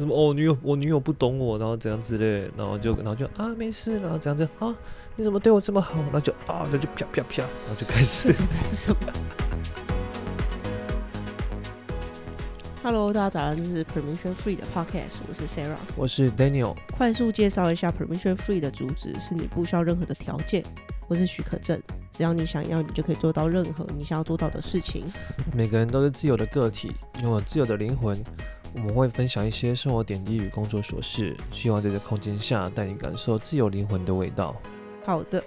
什麼哦，女友，我女友不懂我，然後怎樣之類的，然後就，然後就啊，沒事，然後這樣子啊？你怎麼對我這麼好？那就啊，那就啪啪啪，然後就開始。開始什麼？Hello，大家早上，這是 Permission Free 的 Podcast，我是 Sarah，我是 Daniel 。快速介紹一下 Permission Free 的主旨：是你不需要任何的條件，或是許可證，只要你想要，你就可以做到任何你想要做到的事情。每個人都是自由的個體，擁有自由的靈魂。我們會分享一些生活點滴與工作瑣事，希望在這個空間下帶你感受自由靈魂的味道。好的，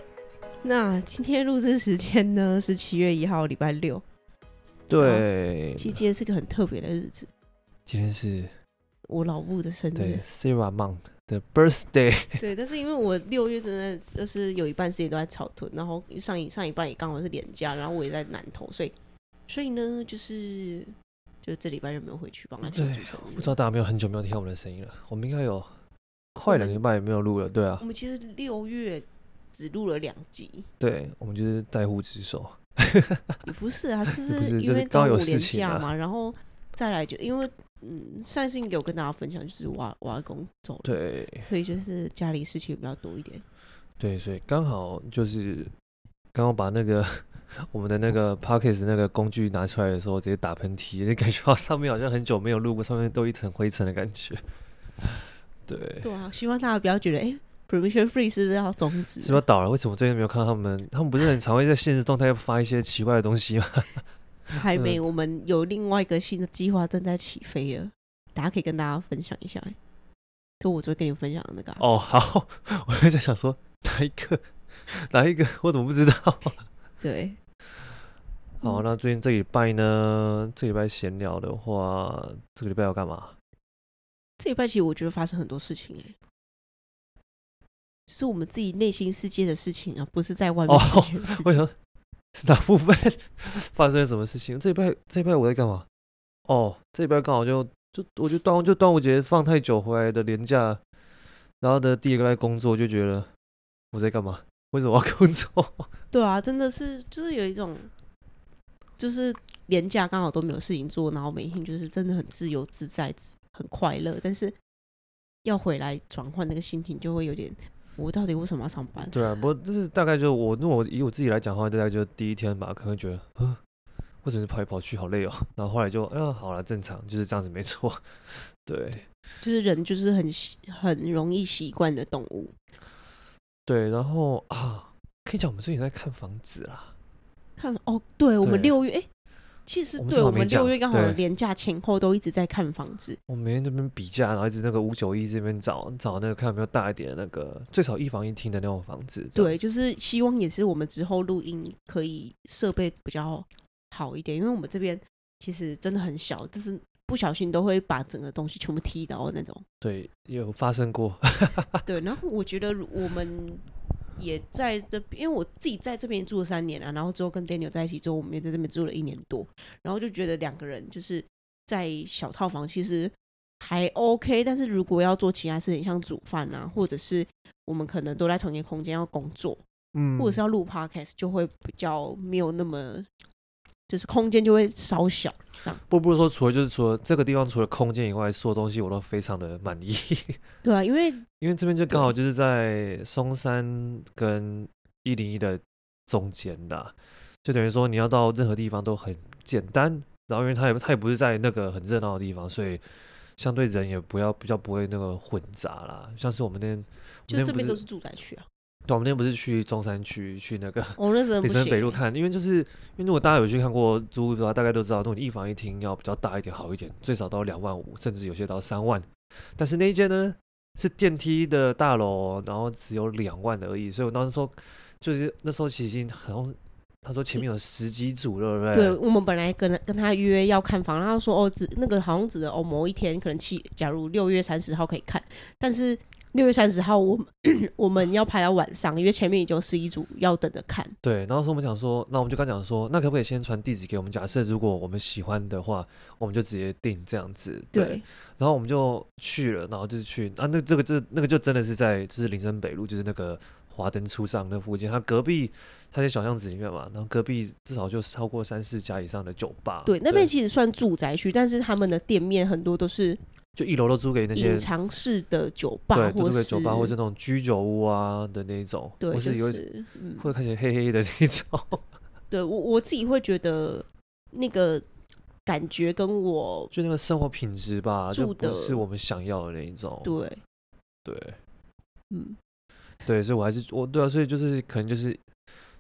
那今天錄制時間呢？是七月一號，禮拜六。對，今天是個很特別的日子。今天是，我老母的生日。對，Sara Mount 的 birthday。對，但是因為我六月真的就是有一半時間都在草屯，然後上一上一半也剛好是連假，然後我也在南投，所以，所以呢，就是。就這禮拜就沒有回去幫他接住，不知道大家沒有很久沒有聽我們的聲音了。我們應該有快兩禮拜也沒有錄了我。對啊，我們其實六月只錄了兩集。對，我們就是怠忽職守。 不是啊，是因為剛好有事情嘛、啊，然後再來就因為嗯，上一次有跟大家分享就是我我阿公走了，對，所以就是家裡事情比較多一點。對，所以剛好就是剛好把那個。我們的那個 Podcast 那個工具拿出來的時候，直接打噴嚏，就感覺好上面好像很久沒有錄過，上面都一層灰塵的感覺。對，對啊，希望大家不要覺得，哎、欸、，Permission Free 是不是要終止？是不是倒了？為什麼我最近沒有看到他們？他們不是很常會在限時動態發一些奇怪的東西嗎？ 還沒、 嗯，我們有另外一個新的計劃正在起飛了，大家可以跟大家分享一下。就我昨天跟你分享的那個哦、啊，oh, 好，我還在想說哪一個，哪一個，我怎麼不知道？ 對。好、哦，那最近這禮拜呢？這禮拜閒聊的話，這個禮拜要幹嘛？這禮拜其實我覺得發生很多事情哎、欸，就是我們自己內心世界的事情啊，不是在外面、哦。為什麼？哪部分發生了什麼事情？ 這禮拜這禮拜我在幹嘛？哦，這禮拜剛好就就我覺得端午就端午節放太久回來的連假，然後的第一個禮拜工作就覺得我在幹嘛？為什麼要工作？對啊，真的是就是有一種。就是年假，剛好都沒有事情做，然後每天就是真的很自由自在，很快樂。但是要回來轉換那個心情，就會有點：我到底為什麼要上班？對啊，不過就是大概就我，如果以我自己來講的話，大概就是第一天吧，可能會覺得，嗯，為什麼是跑來跑去好累哦？然後後來就，嗯、哎，好了，正常就是這樣子，沒錯。對，就是人就是很很容易習慣的動物。對，然後啊，可以講我們最近在看房子啦。看哦，對我們六月，哎，其實對我們六月剛好連假前後都一直在看房子。我們那邊比價，然後一直那個五九一這邊找找那個，看有沒有大一點的那個最少一房一廳的那種房子。對，就是希望也是我們之後錄音可以設備比較好一點，因為我們這邊其實真的很小，就是不小心都會把整個東西全部踢到的那種。對，也有發生過。 對，然後我覺得我們。也在這邊，因為我自己在這邊住了三年啊，然後之後跟 Daniel 在一起之後，我們也在這邊住了一年多，然後就覺得兩個人就是在小套房其實還 OK，但是如果要做其他事情，像煮飯啊，或者是我們可能都在同一個空間要工作，嗯，或者是要錄 Podcast，就會比較沒有那麼。就是空間就會稍小，這樣。不，不是說，除了就是除了這個地方，除了空間以外，所有東西我都非常的滿意。對啊，因為因為這邊就剛好就是在松山跟一零一的中間的，就等於說你要到任何地方都很簡單。然後，因為它也它也不是在那個很熱鬧的地方，所以相對人也不要比較不會那個混雜啦。像是我們那邊，就這邊都是住宅區啊。對，我們那天不是去中山區去那個民生、哦、北路看，因為就是因為如果大家有去看過租屋的話，大概都知道，那種一房一廳要比較大一點好一點，最少都要兩萬五，甚至有些都要三萬。但是那一間呢是電梯的大樓，然後只有兩萬的而已。所以我當時說，就是那時候其實已經好像他說前面有十幾組了，嗯、對不對？對，我們本來跟跟他約要看房，然後說哦只那個好像只能哦某一天可能七，假如六月三十號可以看，但是。六月三十號，我們 我們要排到晚上，因為前面已經是一組要等着看。對，然後說我們想說，那我們就剛講說，那可不可以先傳地址給我們？假設如果我們喜歡的話，我們就直接訂這樣子對。對，然後我們就去了，然後就是去啊，那這個這那個就真的是在就是林森北路，就是那個華燈初上那附近，它隔壁它是小巷子裡面嘛，然後隔壁至少就超過三四家以上的酒吧。對，對那邊其實算住宅區，但是他們的店面很多都是。就一樓都租給那些隱藏式的酒吧或，對，都租給酒吧或者那種居酒屋啊的那一種，對，或、就是有、嗯、會看起來黑黑的那一種。對我我自己會覺得那個感覺跟我 就那個生活品質吧，住的是我們想要的那一種。對，對，嗯，對，所以，我還是我對啊，所以就是可能就是。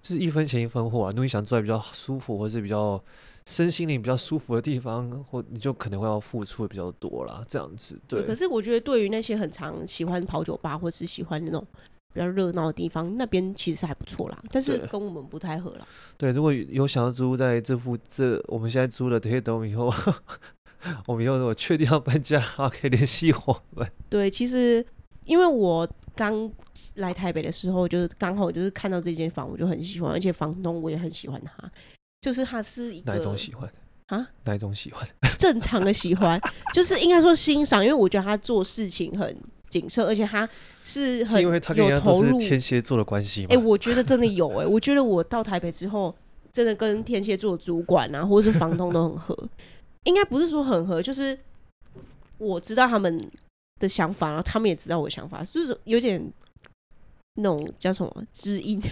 就是一分錢一分貨啊，如果你想住在比較舒服，或是比較身心靈比較舒服的地方，或你就可能會要付出的比較多啦。這樣子，對。對可是我覺得，對於那些很常喜歡跑酒吧，或是喜歡那種比較熱鬧的地方，那邊其實還不錯啦。但是跟我們不太合啦。對，對如果有想要租在這副這我們現在租的這們以後呵呵，我們以後如果確定要搬家，可以聯繫我們。對，其實。因為我剛來台北的時候，就是剛好就是看到這間房，我就很喜歡，而且房東我也很喜歡他，就是他是一個，哪一種喜歡啊？哪一種喜歡，喜歡？正常的喜歡。 就是應該說欣賞，因為我覺得他做事情很謹慎，而且他是很有投入。是因為他天蠍座的關係嗎？哎、 欸，我覺得真的有哎、欸，我覺得我到台北之後，真的跟天蠍座主管啊，或者是房東都很合， 應該不是說很合，就是我知道他們。的想法，然後他們也知道我的想法，就是有點那種叫什麼知音的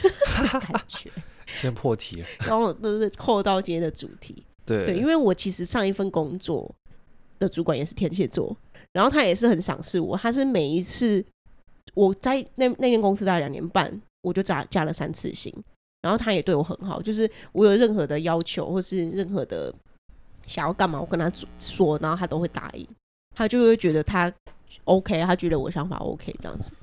感覺。先破題，然後都是扣到今天的主題對。對，因為我其實上一份工作的主管也是天蠍座，然後他也是很賞識我，他是每一次我在那那間公司待了兩年半，我就加加了三次薪，然後他也對我很好，就是我有任何的要求或是任何的想要幹嘛，我跟他說，然後他都會答應，他就會覺得他。Okay，他覺得我想法 okay 這樣子，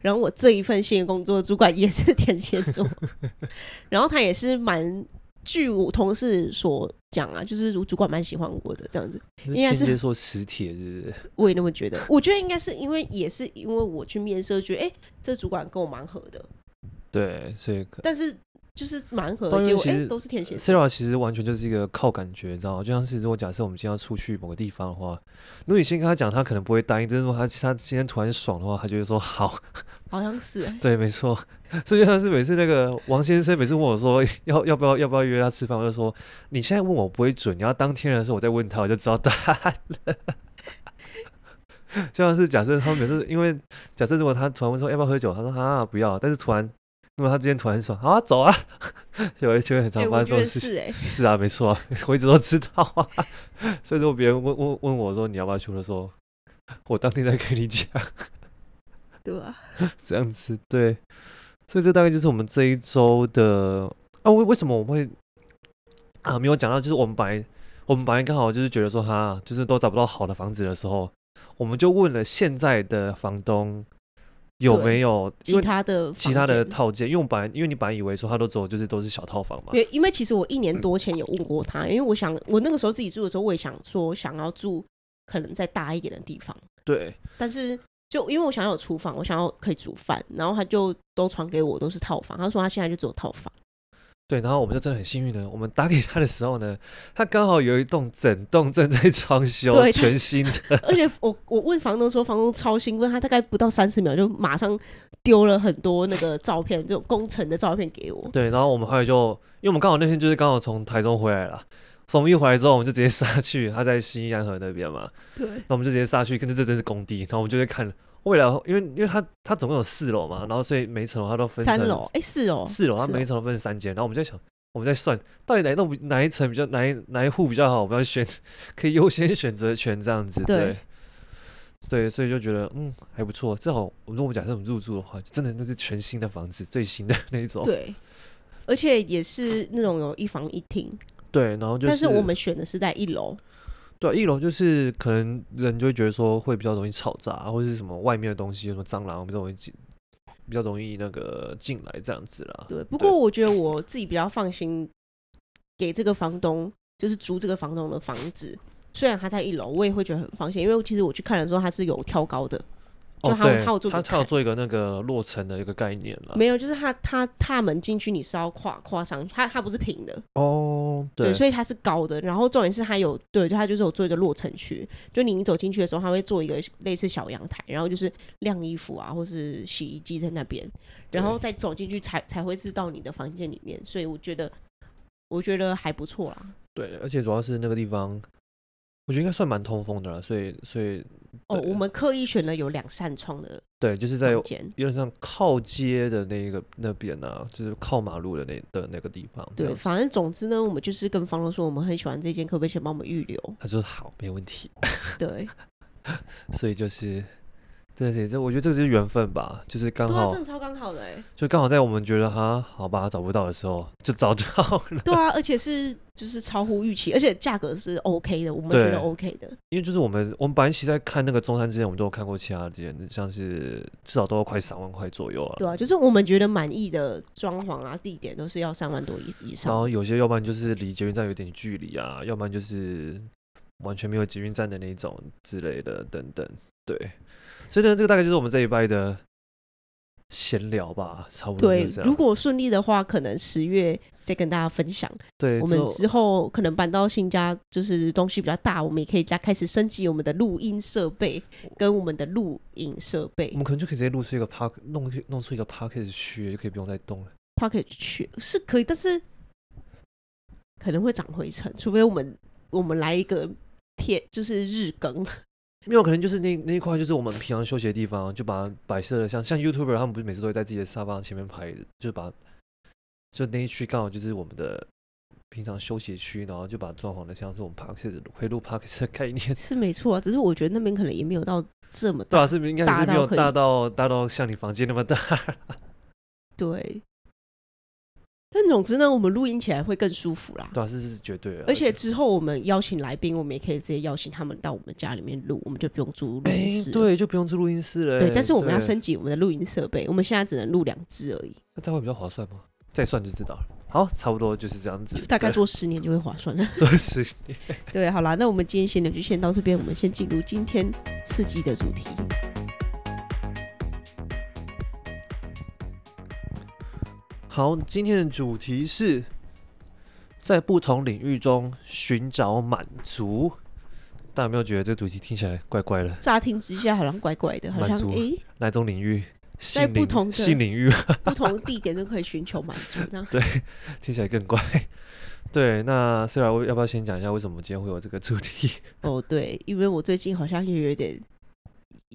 然後我這一份新的工作主管也是天蠍座， 然後他也是蠻據我同事所講啊，就是主管蠻喜歡我的這樣子，應該是現在說磁鐵是不是？我也那麼覺得， 我覺得應該是因為也是因為我去面試覺得，誒、欸，這主管跟我蠻合的，對，所以但是。就是盲盒，結果哎、欸，都是天蠍。Sara 其實完全就是一個靠感覺，你知道嗎？就像是如果假設我們今天要出去某個地方的話，如果你先跟他講，他可能不會答應。就是說他他今天突然爽的話，他就會說好。好像是。對，沒錯。所以就像是每次那個王先生每次問我說要要不要要不要約他吃飯，我就說你現在問我不會準，你要當天的時候我再問他，我就知道答案了。 就像是假設他們每次因為假設如果他突然問說、欸、要不要喝酒，他說啊不要，但是突然。那麼他今天突然說：“好啊，走啊！”就，一群人很常發生這種事、欸是，欸、是啊，沒錯、啊，我一直都知道啊。所以說別人問問問我，說你要不要去的時候，我當天在跟你講。對啊，這樣子對。所以這大概就是我們這一週的啊。為為什麼我會啊沒有講到？就是我們本來我們本來剛好就是覺得說他就是都找不到好的房子的時候，我們就問了現在的房東。有沒有其他的其他的套間？用白，因為你本來以為說他都走就是都是小套房嘛。因為其實我一年多前有問過他，嗯、因為我想我那個時候自己住的時候，我也想說想要住可能再大一點的地方。對。但是就因為我想要有廚房，我想要可以煮飯，然後他就都傳給我都是套房。他說他現在就只有套房。對，然後我們就真的很幸運呢，嗯。我們打給他的時候呢，他剛好有一棟整棟正在裝修，全新的。而且我我問房東說，房東超興奮問他大概不到三十秒就馬上丟了很多那個照片，就工程的照片給我。對，然後我們後來就，因為我們剛好那天就是剛好從台中回來了，所以我們一回來之後，我們就直接殺去他在新安河那邊嘛。對，那我們就直接殺去，可是這真是工地，然後我們就去看。未來，因為因為它它總共有四樓嘛，然後所以每一層它都分成四樓三樓，哎、欸，四樓，四樓，它每一層都分成三間、喔，然後我們在想，我們在算，到底哪一棟哪一層比較哪一哪一戶比較好，我們要選，可以優先選擇權這樣子對，對，對，所以就覺得嗯還不錯，正好我們如果假設我們入住的話，真的那是全新的房子，最新的那種，對，而且也是那種有一房一廳， 對，然後就是、但是我們選的是在一樓。對、啊，一樓就是可能人就會覺得說會比較容易吵雜，或者是什麼外面的東西，什麼蟑螂比較容易進，比較容易那個進來這樣子啦，對，對，不過我覺得我自己比較放心，給這個房東就是租這個房東的房子，雖然他在一樓，我也會覺得很放心，因為其實我去看的時候他是有挑高的。Oh、就他有他有做他他有做一個那個落塵的一個概念了，沒有，就是他他踏門進去，你是要跨跨上去，他他不是平的哦、oh,，對，所以它是高的，然後重點是他有對，就他就是有做一個落塵區，就你你走進去的時候，他會做一個類似小陽台，然後就是晾衣服啊，或是洗衣機在那邊，然後再走進去才、嗯、才會是到你的房間裡面，所以我覺得我覺得還不錯啦，對，而且主要是那個地方。我覺得應該算蠻通風的了，所以所以哦，我們刻意選了有兩扇窗的，對，就是在有，有點像靠街的那一個那邊呢、啊，就是靠馬路的那的那個地方。對，反正總之呢，我們就是跟房東說，我們很喜歡這間，可不可以先幫我們預留？他說好，沒問題。 對， 所以就是。真的是，這我覺得這個是緣分吧，就是剛好，對啊，真的超剛好的哎、欸，就剛好在我們覺得哈好吧找不到的時候就找到了。對啊，而且是就是超乎預期，而且價格是 OK 的，我們覺得 OK 的。因為就是我們我們本來其實在看那個中山之前，我們都有看過其他店，像是至少都要快三萬塊左右了。對啊，就是我們覺得滿意的裝潢啊地點都是要三萬多以以上。然後有些要不然就是離捷運站有點距離啊，要不然就是。完全沒有捷運站的那種之類的、等等，對，所以呢，這個大概就是我們這一拜的閒聊吧，差不多。對，如果順利的話，可能十月再跟大家分享。對，我們之後可能搬到新家，就是東西比較大，我們也可以再開始升級我們的錄音設備跟我們的錄影設備。我們可能就可以直接錄出一個 park，弄弄出一個 parkette 區，就可以不用再動了學。parkette 區是可以，但是可能會長灰塵，除非我們我們來一個。鐵就是日更，沒有可能就是那那一塊就是我們平常休息的地方，就把擺設的像像 YouTuber 他們不是每次都在自己的沙發前面拍，就把就那一區剛好就是我們的平常休息區，然後就把裝潢的像是我們 Parkers 迴路 Parkers 的概念是沒錯啊，只是我覺得那邊可能也沒有到這麼大，啊、是應該是沒有大到大到，大到像你房間那麼大，對。但總之呢，我們錄音起來會更舒服啦。對啊，這是，是絕對的。而且之後我們邀請來賓，我們也可以直接邀請他們到我們家裡面錄，我們就不用租錄音室，欸。對，就不用租錄音室了，欸。對，但是我們要升級我們的錄音設備，我們現在只能錄兩支而已。那這樣會比較划算嗎？再算就知道了。好，差不多就是這樣子。大概做十年就會划算了。了做十年。對，好啦，那我們今天閒聊就先到這邊，我們先進入今天刺激的主題。好，今天的主題是在不同領域中尋找滿足。大家有沒有覺得這個主題聽起來怪怪的？乍聽之下好像怪怪的，好像誒，哪種、欸、領域領？在不同的新領域，不同地點都可以尋求滿足， 這樣，對，聽起來更怪。對，那雖然我要不要先講一下為什麼今天會有這個主題？哦，對，因為我最近好像又有點。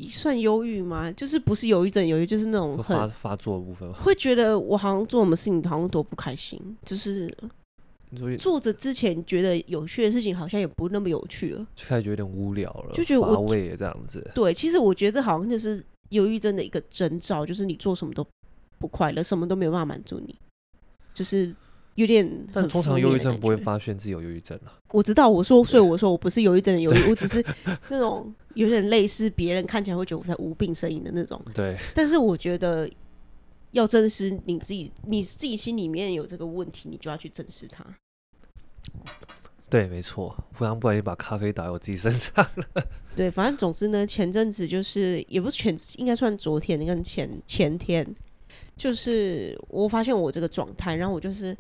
算憂鬱嗎？就是不是憂鬱症，憂鬱就是那種發發作的部分，會覺得我好像做什麼事情好像都不開心，就是做着之前覺得有趣的事情，好像也不那麼有趣了，就開始覺得有點無聊了，就覺得乏味也這樣子。對，其實我覺得這好像就是憂鬱症的一個徵兆，就是你做什麼都不快樂，什麼都沒有辦法滿足你，就是有點。但通常憂鬱症不會發現自己有憂鬱症啊。我知道，我說，所以我說我不是憂鬱症的憂鬱，我只是那種。有點類似，別人看起來會覺得我在無病呻吟的那種，對。但是我覺得要正視你自己，你自己心裡面有這個問題，你就要去正視它。對，沒錯，不然不然就把咖啡打在我自己身上了。對，反正總之呢，前陣子就是，也不是前，應該算昨天跟，你看前前天，就是我發現我這個狀態，然後我就是。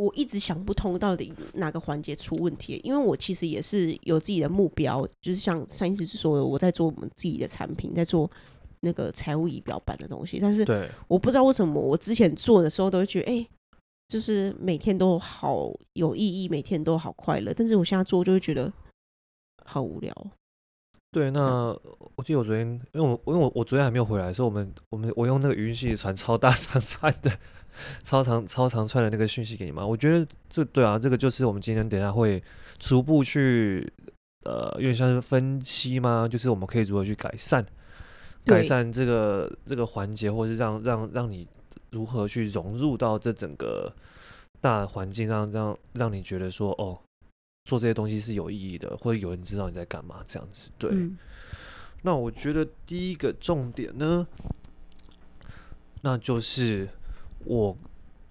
我一直想不通到底哪個環節出問題，因為我其實也是有自己的目標，就是像上一次說的，我在做我們自己的產品，在做那個財務儀表板的東西，但是我不知道為什麼我之前做的時候都會覺得，誒、欸，就是每天都好有意義，每天都好快樂，但是我現在做就會覺得好無聊。對，那我記得我昨天，因為我因為我我昨天還沒有回來，所以我們我們我用那個語音系傳超大長串的超長超長串的那個訊息給你們。我覺得這對啊，這個就是我們今天等一下會逐步去呃，因為像是分析嘛，就是我們可以如何去改善改善這個這個環節，或者是讓讓讓你如何去融入到這整個大環境上，讓讓讓你覺得說哦。做這些東西是有意義的，或者有人知道你在幹嘛這樣子。對、嗯，那我覺得第一個重點呢，那就是我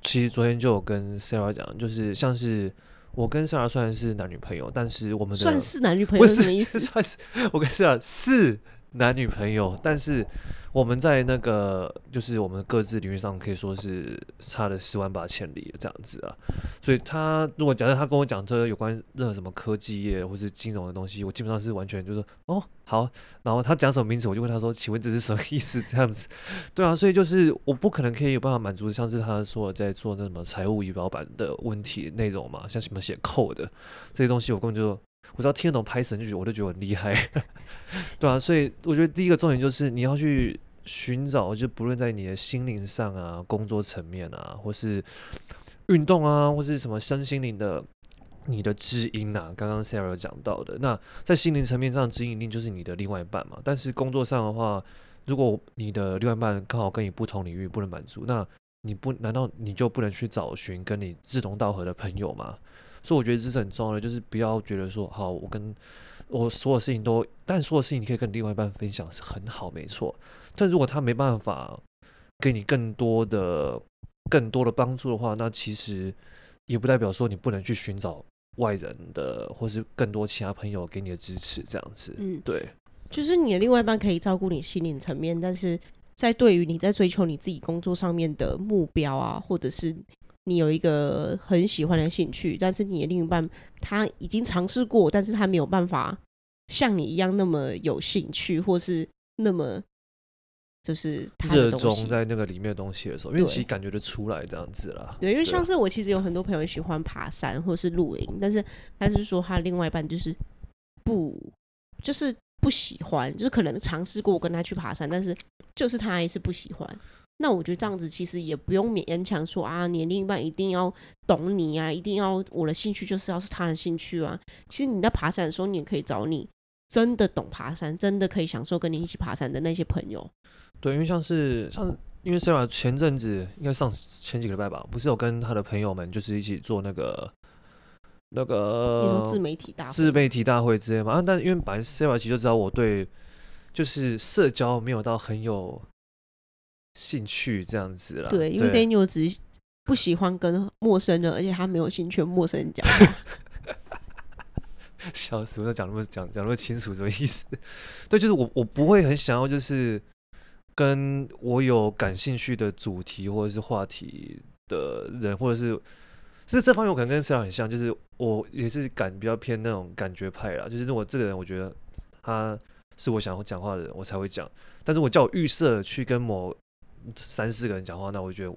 其實昨天就有跟 Sara 講，就是像是我跟 Sara 算是男女朋友，但是我們的，算是男女朋友是什麼意思？ 算是我跟 Sara 是男女朋友，但是我們在那個就是我們各自領域上可以說是差了十萬八千里這樣子啊，所以他如果假設他跟我講這有關任何什麼科技業或是金融的東西，我基本上是完全就是說哦好，然後他講什麼名字，我就問他說，請問這是什麼意思這樣子，對啊，所以就是我不可能可以有辦法滿足，像是他說在做那什麼財務儀表板的問題內容嘛，像什麼寫扣的這些東西，我根本就。我只要聽得懂 Python 就覺得我都覺得很厲害， 對啊，所以我覺得第一個重點就是你要去尋找，就不論在你的心靈上啊、工作層面啊，或是運動啊，或是什麼身心靈的你的知音啊。剛剛 Sara 有講到的，那在心靈層面上，知音一定就是你的另外一半嘛。但是工作上的話，如果你的另外一半剛好跟你不同領域不能滿足，那你不難道你就不能去找尋跟你志同道合的朋友嗎？所以我覺得這是很重要的，就是不要覺得說好，我跟我所有事情都，但所有事情你可以跟另外一半分享是很好，沒錯。但如果他沒辦法給你更多的、更多的幫助的話，那其實也不代表說你不能去尋找外人的，或是更多其他朋友給你的支持，這樣子。嗯，對。就是你的另外一半可以照顧你心理層面，但是在對於你在追求你自己工作上面的目標啊，或者是。你有一個很喜歡的興趣，但是你的另一半他已經嘗試過，但是他沒有辦法像你一樣那麼有興趣，或是那麼就是他熱衷在那個裡面的東西的時候，因為其實感覺得出來這樣子啦。對，因為像是我其實有很多朋友喜歡爬山或是露營，但是他是說他另外一半就是不就是不喜歡，就是可能嘗試過跟他去爬山，但是就是他也是不喜歡。那我覺得這樣子其實也不用勉強說啊，你另一半一定要懂你啊，一定要我的興趣就是要是他的興趣啊。其實你在爬山的時候，你也可以找你真的懂爬山、真的可以享受跟你一起爬山的那些朋友。對，因為像是像是因為 Sara 前陣子應該上前幾個禮拜吧，不是有跟他的朋友們就是一起做那個那個你說自媒體大會、自媒體大會之類嘛、啊。但因為本來 Sara 其實就知道我對就是社交沒有到很有。興趣這樣子啦，對，對，因為 Daniel 只不喜歡跟陌生人，而且他沒有興趣跟陌生人講話。笑死，我在講那麼講講那麼清楚什麼意思？對，就是我我不會很想要，就是跟我有感興趣的主題或者是話題的人，或者是，就是這方面我可能跟 Sara 很像，就是我也是感比較偏那種感覺派啦，就是如果這個人我覺得他是我想要講話的人，我才會講。但是我叫我預設去跟某三四個人講話，那我就覺得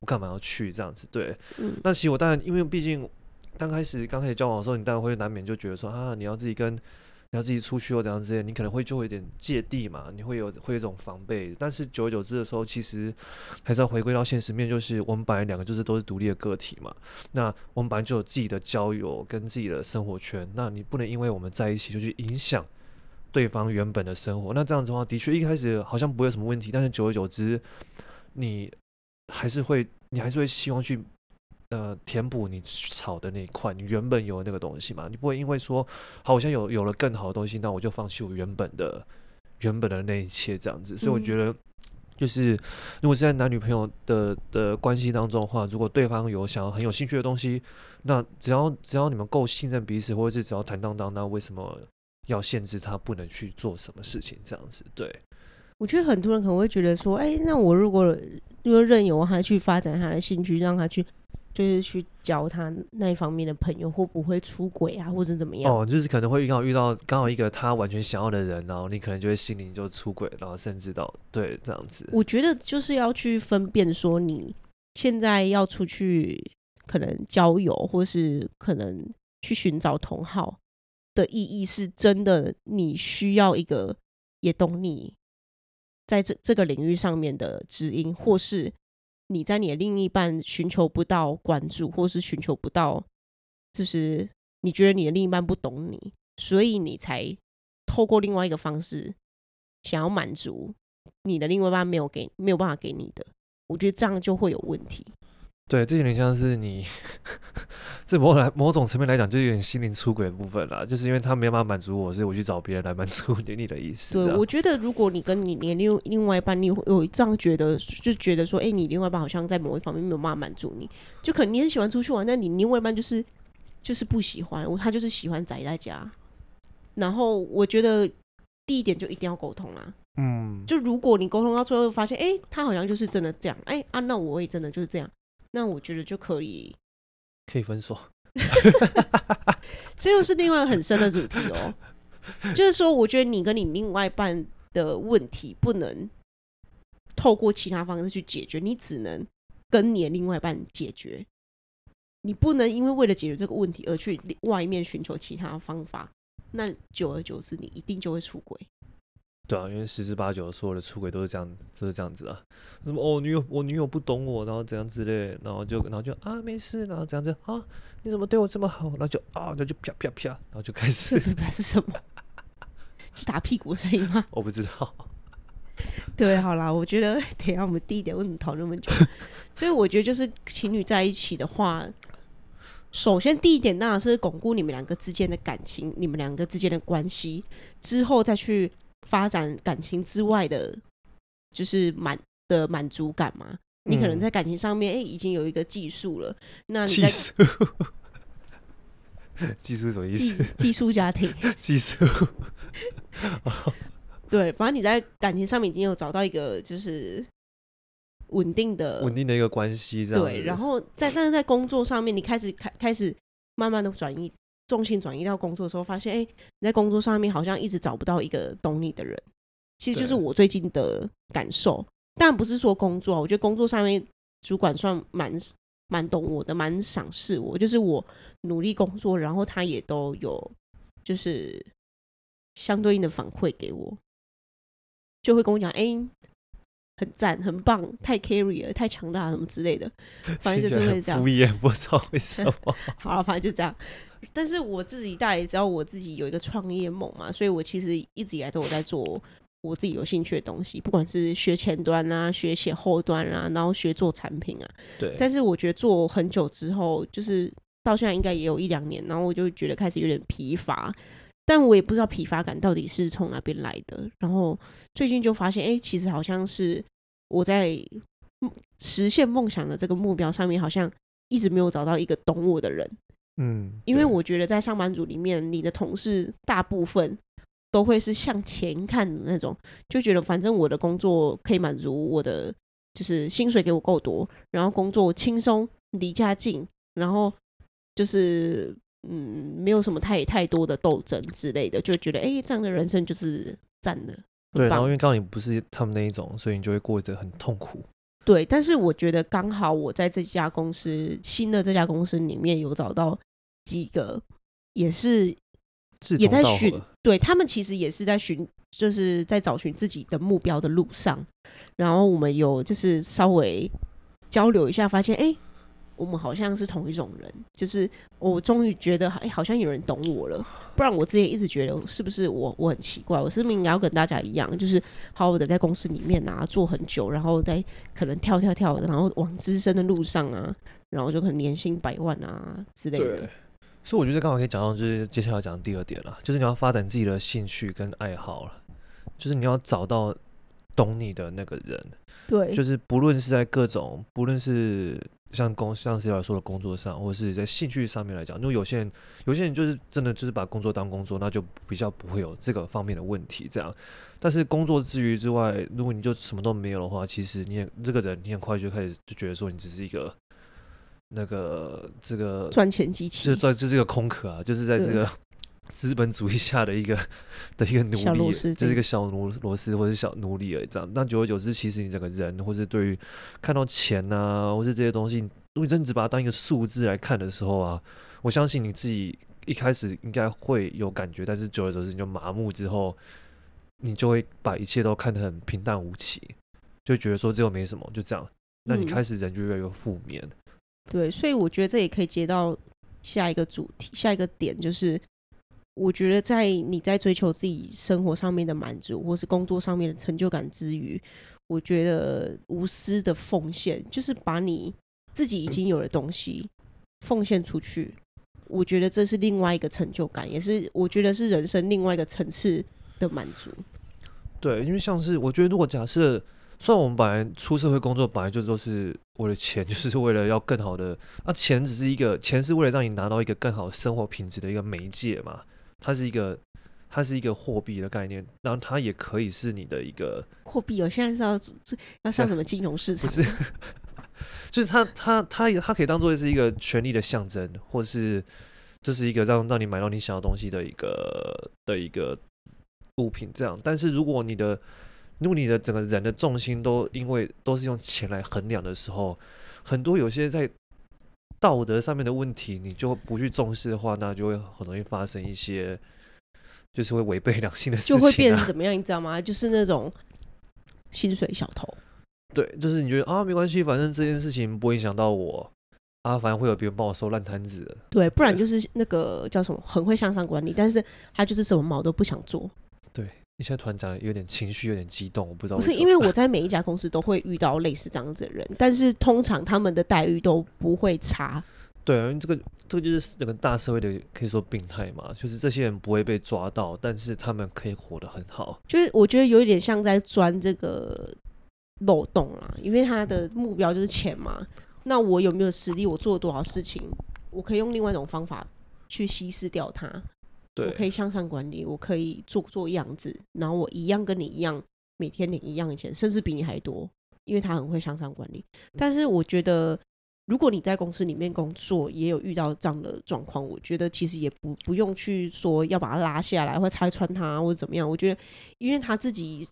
我幹嘛要去這樣子？對、嗯，那其實我當然，因為畢竟剛開始剛開始交往的時候，你當然會難免就覺得說啊，你要自己跟你要自己出去或怎樣之類，你可能會就會有點芥蒂嘛，你會有會有一種防備。但是久而久之的時候，其實還是要回歸到現實面，就是我們本來兩個就是都是獨立的個體嘛，那我們本來就有自己的交友跟自己的生活圈，那你不能因為我們在一起就去影響。對方原本的生活，那這樣子的話，的確一開始好像不會有什麼問題，但是久而久之，你還是會，你還是會希望去呃填補你炒的那一塊，你原本有的那個東西嘛，你不會因為說好，我現在有有了更好的東西，那我就放棄我原本的原本的那一切這樣子。所以我覺得，就是如果是在男女朋友的的關係當中的話，如果對方有想要很有興趣的東西，那只要只要你們夠信任彼此，或者是只要坦蕩蕩，那為什麼，要限制他不能去做什麼事情，這樣子，對。我覺得很多人可能會覺得說，哎、欸，那我如果如果任由他去發展他的興趣，讓他去就是去交他那方面的朋友，會不會出軌啊，或者怎麼樣？哦，就是可能會遇到剛好一個他完全想要的人，然後你可能就會心靈就出軌，然後甚至到，對，這樣子。我覺得就是要去分辨說，你現在要出去可能交友，或是可能去尋找同好。的意義是真的，你需要一個也懂你，在這這個領域上面的知音，或是你在你的另一半尋求不到關注，或是尋求不到，就是你覺得你的另一半不懂你，所以你才透過另外一個方式想要滿足你的另外一半沒有給沒有辦法給你的，我覺得這樣就會有問題。對，這有點像是你，呵呵這某來某種層面來講，就有點心靈出軌的部分啦。就是因為他沒有辦法滿足我，所以我去找別人來滿足你的意思。對、啊，我覺得如果你跟你你另另外一半，你有這樣覺得，就覺得說，哎、欸，你另外一半好像在某一方面沒有辦法滿足你，就可能你很喜歡出去玩，但你另外一半就是就是不喜歡，他就是喜歡宅在家。然後我覺得第一點就一定要溝通啊，嗯，就如果你溝通到最後發現，哎、欸，他好像就是真的這樣，哎、欸、啊，那我也真的就是這樣。那我覺得就可以，可以分手。這又是另外一個很深的主題哦、喔，就是說，我覺得你跟你另外一半的問題，不能透過其他方式去解決，你只能跟你的另外一半解決。你不能因為為了解決這個問題而去外面尋求其他方法，那久而久之，你一定就會出軌。對啊，因為十之八九所有的出軌都是這樣，都、就是這樣子啊。什麼哦，女友我女友不懂我，然後怎樣之類，然後就然後就啊，沒事，然後這樣子啊？你怎麼對我這麼好？那就啊，那就啪、啪啪啪，然後就開始 不是，不是，是什麼？ 是打屁股的聲音嗎？我不知道。 對，好啦，我覺得等一下我們第一點，為什麼討論那麼久， 所以我覺得就是情侶在一起的話，首先第一點當然是鞏固你們兩個之間的感情，你們兩個之間的關係，之後再去。發展感情之外的，就是滿的滿足感嘛。你可能在感情上面，哎、嗯、欸，已經有一個技術了。那技術 技術什麼意思？技術家庭技術。 對，反正你在感情上面已經有找到一個就是穩定的穩定的，一個關係這樣。對，然後在但是在工作上面，你開始開開始慢慢的轉移。重心轉移到工作的時候，發現哎，你、欸、在工作上面好像一直找不到一個懂你的人。其實就是我最近的感受，但不是說工作，我覺得工作上面主管算蠻蠻懂我的，蠻賞識我，就是我努力工作，然後他也都有就是相對應的反饋給我，就會跟我講，哎。欸很贊，很棒，太 carry 了，太強大，什麼之類的，反正就是會這樣。不知道為什麼。好，反正就這樣。但是我自己大概知道，我自己有一個創業夢嘛，所以我其實一直以來都有在做我自己有興趣的東西，不管是學前端啊，學寫後端啊，然後學做產品啊。對。但是我覺得做很久之後，就是到現在應該也有一兩年，然後我就覺得開始有點疲乏。但我也不知道疲乏感到底是從哪邊來的。然後最近就發現，哎、欸，其實好像是我在實現夢想的這個目標上面，好像一直沒有找到一個懂我的人。嗯，因為我覺得在上班族裡面，你的同事大部分都會是向前看的那種，就覺得反正我的工作可以滿足我的，就是薪水給我夠多，然後工作輕鬆，離家近，然後就是。嗯，沒有什麼太太多的鬥爭之類的，就覺得，哎、欸，這樣的人生就是讚的。對，然後因為剛好你不是他們那一種，所以你就會過得很痛苦。對，但是我覺得剛好我在這家公司，新的這家公司裡面有找到幾個，也是也在尋，對，他們其實也是在尋，就是在找尋自己的目標的路上。然後我們有就是稍微交流一下，發現哎、欸我們好像是同一種人，就是我終於覺得、欸、好像有人懂我了。不然我之前一直覺得，是不是我我很奇怪，我是不是應該要跟大家一樣，就是好好的在公司裡面啊做很久，然後在可能跳跳跳，然後往資深的路上啊，然後就可能年薪百萬啊之類的。所以我覺得剛好可以講到，就是接下來講的第二點了，就是你要發展自己的興趣跟愛好了，就是你要找到懂你的那個人。對，就是不論是在各種，不論是。像工像 Sara 說的，工作上或者是在興趣上面來講，因為有些人有些人就是真的就是把工作當工作，那就比較不會有這個方面的問題。這樣，但是工作之餘之外，如果你就什麼都沒有的話，其實你這個人你很快就開始就覺得說你只是一個那個這個賺錢機器，就賺這是一個空殼啊，就是在這個。嗯資本主義下的一個的一個奴隸，就是一個小奴螺絲或者小奴隸而已。這樣，但久而久之，其實你整個人，或者對於看到錢啊，或是這些東西，如果真的只把它當一個數字來看的時候啊，我相信你自己一開始應該會有感覺，但是久而久之你就麻木之後，你就會把一切都看得很平淡無奇，就覺得說這又沒什麼，就這樣。那你開始人就越來越負面、嗯。對，所以我覺得這也可以接到下一個主題，下一個點就是。我覺得在你在追求自己生活上面的滿足，或是工作上面的成就感之餘，我覺得無私的奉獻，就是把你自己已經有的東西奉獻出去、嗯。我覺得這是另外一個成就感，也是我覺得是人生另外一個層次的滿足。對，因為像是我覺得，如果假設，雖然我們本來出社會工作，本來就都是為了錢，就是為了要更好的，那、啊、錢只是一個錢，是為了讓你拿到一個更好的生活品質的一個媒介嘛。它是一個，它是一個貨幣的概念，然後它也可以是你的一個貨幣、哦。我現在知道，要要上什麼金融市場、啊？不是， 就是它它它它可以當做是一個權力的象徵，或是就是一個讓讓你買到你想要東西的一個的一個物品。這樣，但是如果你的，如果你的整個人的重心都因為都是用錢來衡量的時候，很多有些在。道德上面的問題，你就不去重視的話，那就會很容易發生一些，就是會違背良心的事情啊。就會變成怎麼樣，你知道嗎？就是那種薪水小偷。對，就是你覺得啊，沒關係，反正這件事情不會影響到我，啊，反正會有別人幫我收爛攤子。對，不然就是那個叫什麼，很會向上管理，但是他就是什麼毛都不想做。你現在團長有點情緒，有點激動，我不知道。不是因為我在每一家公司都會遇到類似這樣子的人， 但是通常他們的待遇都不會差。對啊，因為這個，這個就是整個大社會的可以說病態嘛，就是這些人不會被抓到，但是他們可以活得很好。就是我覺得有一點像在鑽這個漏洞啊，因為他的目標就是錢嘛。那我有沒有實力？我做了多少事情？我可以用另外一種方法去稀釋掉它。我可以向上管理，我可以做做樣子，然後我一樣跟你一樣每天領一樣的錢，甚至比你還多，因為他很會向上管理。但是我覺得，如果你在公司裡面工作也有遇到這樣的狀況，我覺得其實也不不用去說要把他拉下來，或拆穿他，或者怎麼樣。我覺得，因為他自己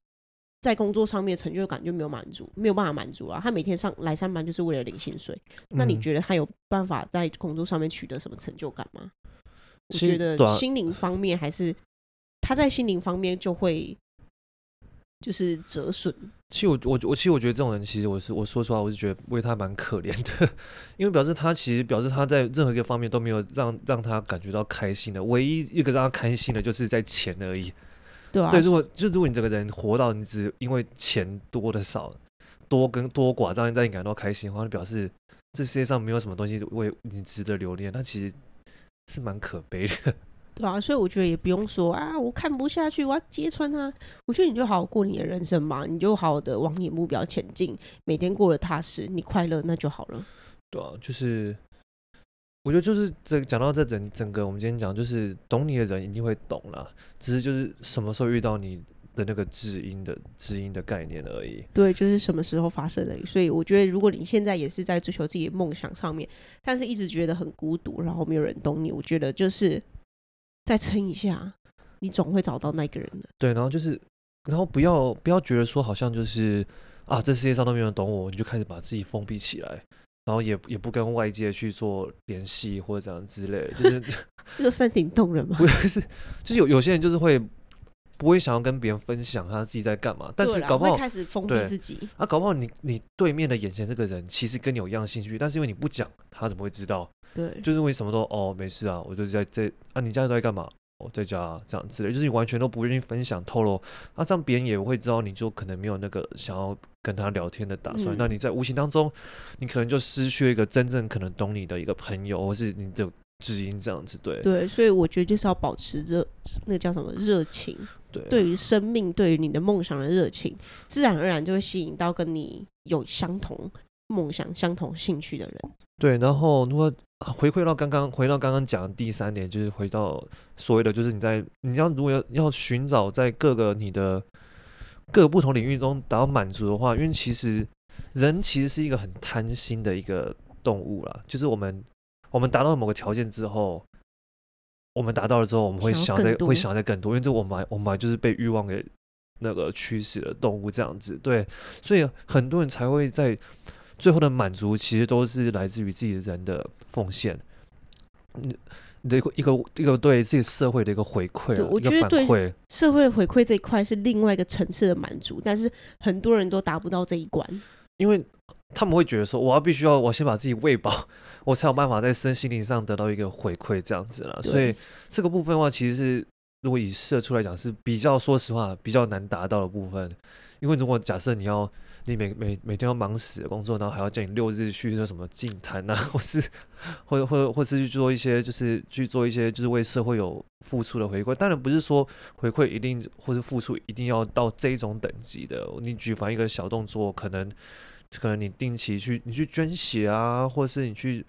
在工作上面成就感就沒有滿足，沒有辦法滿足啊。他每天上來上班就是為了領薪水，嗯。那你覺得他有辦法在工作上面取得什麼成就感嗎？我覺得心靈方面還是，他在心靈方面就會就是折損。其實我我我其實我覺得這種人，其實我是我說實話，我是覺得為他蠻可憐的，因為表示他其實表示他在任何一個方面都沒有讓讓他感覺到開心的，唯一一個讓他開心的就是在錢而已。對啊，對，如果就如果你這個人活到你只因為錢多的少多跟多寡，讓你你感到開心的話，就表示這世界上沒有什麼東西為你值得留戀，那其實。是蠻可悲的， 對啊，所以我覺得也不用說啊，我看不下去，我要揭穿他啊。我覺得你就好好過你的人生嘛，你就好好的往你的目標前進，每天過得踏實，你快樂那就好了。對啊，就是我覺得就是這講到這整整個，我們今天講就是懂你的人一定會懂啦，只是就是什麼時候遇到你，的那個知音的知音的概念而已。對，就是什麼時候發生的。所以我覺得，如果你現在也是在追求自己的夢想上面，但是一直覺得很孤獨，然後沒有人懂你，我覺得就是再撐一下，你總會找到那個人的。對，然後就是，然後不要不要覺得說，好像就是啊，這世界上都沒有人懂我，你就開始把自己封閉起來，然後也也不跟外界去做聯繫或者這樣之類的，就是就山頂洞人嘛， 不是，就是有有些人就是會。不會想要跟別人分享他自己在幹嘛，但是搞不好開始封閉自己。啊，搞不好你你對面的眼前這個人其實跟你有一樣的興趣，但是因為你不講，他怎麼會知道？對，就是為什麼說哦，沒事啊，我就是在這啊，你家人都在幹嘛？我在家、啊、這樣子的，就是你完全都不願意分享透露。那、啊、這樣別人也會知道，你就可能沒有那個想要跟他聊天的打算。嗯、那你在無形當中，你可能就失去了一個真正可能懂你的一個朋友，或是你的。知音這樣子，對對，所以我覺得就是要保持著，那個叫什麼熱情？對、啊，對於生命，對於你的夢想的熱情，自然而然就會吸引到跟你有相同夢想、相同興趣的人。對，然後如果、啊、回饋到剛剛，回到剛剛講的第三點，就是回到所謂的，就是你在你要如果要要尋找在各個你的各個不同領域中達到滿足的話，因為其實人其實是一個很貪心的一個動物啦，就是我們。我們達到某個條件之後，我們達到了之後，我們會想再會想再更多，因為這我們我們就是被欲望給那個驅使的動物這樣子，對，所以很多人才會在最後的滿足，其實都是來自於自己的人的奉獻，你的，一個一個一個對自己社會的一個回饋，反饋，我覺得對社會回饋這一塊是另外一個層次的滿足，但是很多人都達不到這一關，因為。他們會覺得說，我要必須要我先把自己餵飽，我才有辦法在身心靈上得到一個回饋，這樣子了。所以這個部分的話，其實是如果以社畜來講，是比較說實話比較難達到的部分。因為如果假設你要你每每每天要忙死的工作，然後還要叫你六日去那什麼淨灘吶，或是或或或是去做一些就是去做一些就是為社會有付出的回饋。當然不是說回饋一定或是付出一定要到這種等級的。你舉凡一個小動作，可能。可能你定期去，你去捐血啊，或者是你去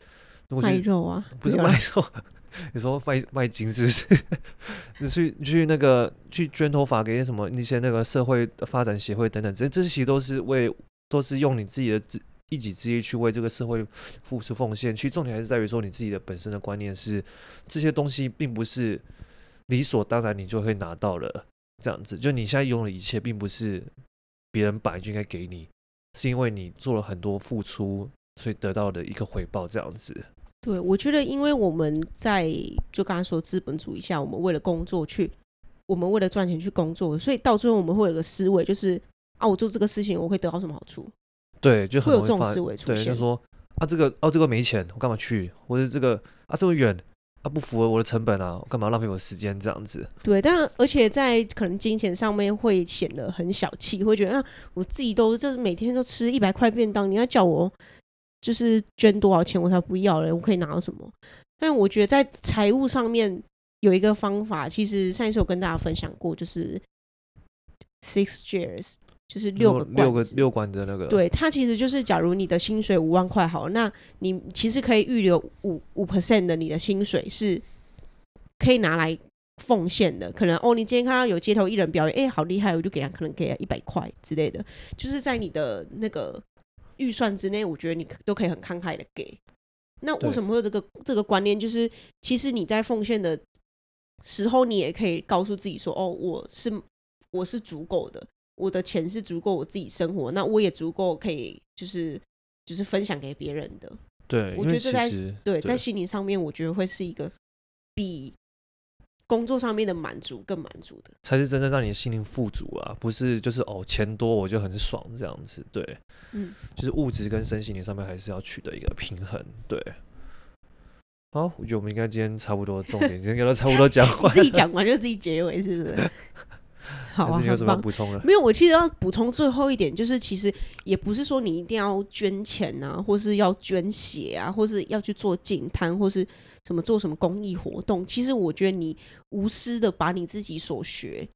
賣肉啊，不是賣肉， 你說賣賣金子是不是？ 你去去那個去捐頭髮給什麼那些那個社會的發展協會等等，這這些都是為，都是用你自己的自一己之力去為這個社會付出奉獻，其實重點還是在於說你自己的本身的觀念是這些東西並不是理所當然你就會拿到了，這樣子。就你現在擁有的一切並不是別人本來就應該給你。是因為你做了很多付出，所以得到的一個回報這樣子。對，我覺得因為我們在就剛才說資本主義下，我們為了工作去，我們為了賺錢去工作，所以到最後我們會有個思維，就是啊，我做這個事情我會得到什麼好處？對，就會有這種思維出現。對，就是說啊，這個哦，啊，這個沒錢，我幹嘛去？或者這個啊，這麼遠。它、啊、不符合我的成本啊，我幹嘛浪費我的時間這樣子？對，但而且在可能金錢上面會顯得很小氣，會覺得啊，我自己都就是每天都吃一百塊便當，你要叫我就是捐多少錢我才不要嘞？我可以拿到什麼？但我覺得在財務上面有一個方法，其實上一次我跟大家分享過，就是 six jars。就是六個六,六個六罐的那個，對它其實就是，假如你的薪水五萬塊好，那你其實可以預留五五 percent 的你的薪水是可以拿來奉獻的。可能哦，你今天看到有街頭藝人表演，哎、欸，好厲害，我就給他，可能給了一百塊之類的，就是在你的那個預算之內，我覺得你都可以很慷慨的給。那為什麼會有這個這個觀念？就是其實你在奉獻的時候，你也可以告訴自己說，哦，我是我是足夠的。我的錢是足夠我自己生活，那我也足夠可以就是就是分享給別人的。對，我覺得在對，對在心理上面，我覺得會是一個比工作上面的滿足更滿足的。才是真正讓你的心靈富足啊，不是就是哦錢多我就很爽這樣子。對，嗯，就是物質跟身心靈上面還是要取得一個平衡。對。好，我覺得我們應該今天差不多重點今天給他差不多講完。 你自己講完就自己結尾是不是？ 好啊，還是你有什麼補充的？沒有，我其實要補充最後一點，就是其實也不是說你一定要捐錢啊，或是要捐血啊，或是要去做淨灘，或是什麼做什麼公益活動。其實我覺得你無私的把你自己所學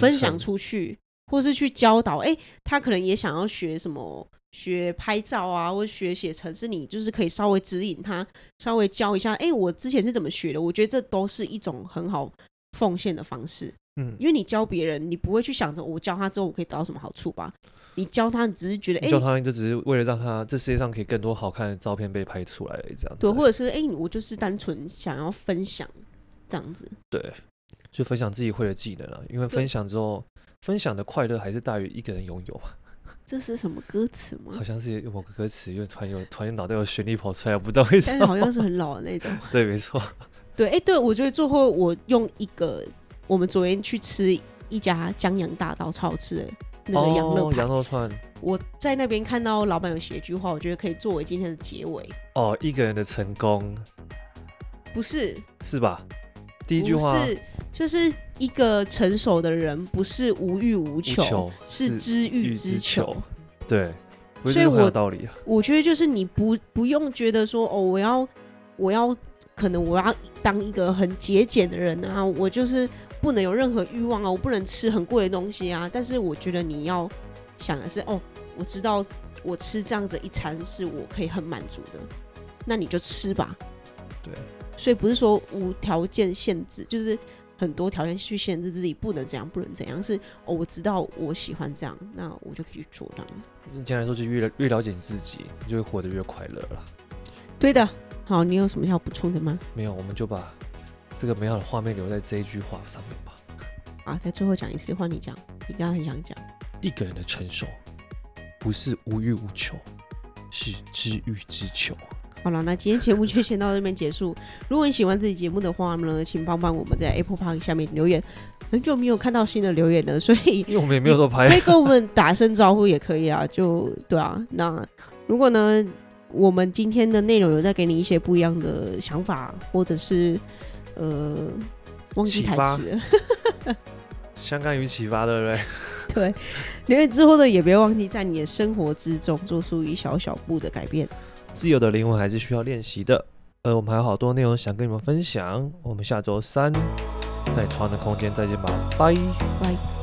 分享出去，或是去教導，哎、欸，他可能也想要學什麼，學拍照啊，或是學寫程式，你就是可以稍微指引他，稍微教一下，哎、欸，我之前是怎麼學的？我覺得這都是一種很好奉獻的方式。嗯，因為你教別人，你不會去想着我教他之後我可以得到什麼好處吧？你教他你只是覺得，哎、欸，教他就只是為了讓他這世界上可以更多好看的照片被拍出來而已這樣子。對，或者是哎、欸，我就是單純想要分享這樣子。對，就分享自己會的技能啊，因為分享之後，分享的快樂還是大於一個人擁有啊。這是什麼歌詞嗎？好像是某個歌詞，因為突然有，突然腦袋有旋律跑出來，我不知道為什麼，好像是很老的那種。對，沒錯。對，哎、欸，對，我覺得最後我用一個。我們昨天去吃一家江洋大道超好吃的那個羊肉，哦，羊肉串，我在那邊看到老闆有寫一句話，我覺得可以作為今天的結尾。哦，一個人的成功不是是吧？第一句話是就是一個成熟的人不是無欲無求，無求是知欲知求，知求。對，所以我的道理，我覺得就是你不不用覺得說哦，我要我要可能我要當一個很節儉的人啊，我就是。不能有任何慾望啊！我不能吃很貴的東西啊！但是我覺得你要想的是，哦，我知道我吃這樣子一餐是我可以很滿足的，那你就吃吧。對。所以不是說無條件限制，就是很多條件去限制自己不能這樣，不能這樣。是哦，我知道我喜歡這樣，那我就可以去做。這樣。你這樣來說，就越越了解你自己，你就會活得越快樂了。對的。好，你有什麼要補充的嗎？沒有，我們就把。這個美好的畫面留在這一句話上面吧。啊，再最後講一次，換你講。你剛剛很想講。一個人的成熟，不是無欲無求，是知欲之求。好了，那今天節目就先到這邊結束。 如果你喜歡這集節目的話呢，請幫幫我們在 Apple Podcast 下面留言。很久沒有看到新的留言了，所以因為我們也沒有多拍，可以跟我們打聲招呼也可以啊。就對啊，那如果呢，我們今天的內容有在給你一些不一樣的想法，或者是。呃，忘記台詞。 相干於啟發，對不對？對，因為之後呢，也別忘記在你的生活之中做出一小小步的改變。自由的靈魂還是需要練習的。呃，我們還有好多內容想跟你們分享，我們下周三在團的空間再見吧，拜拜。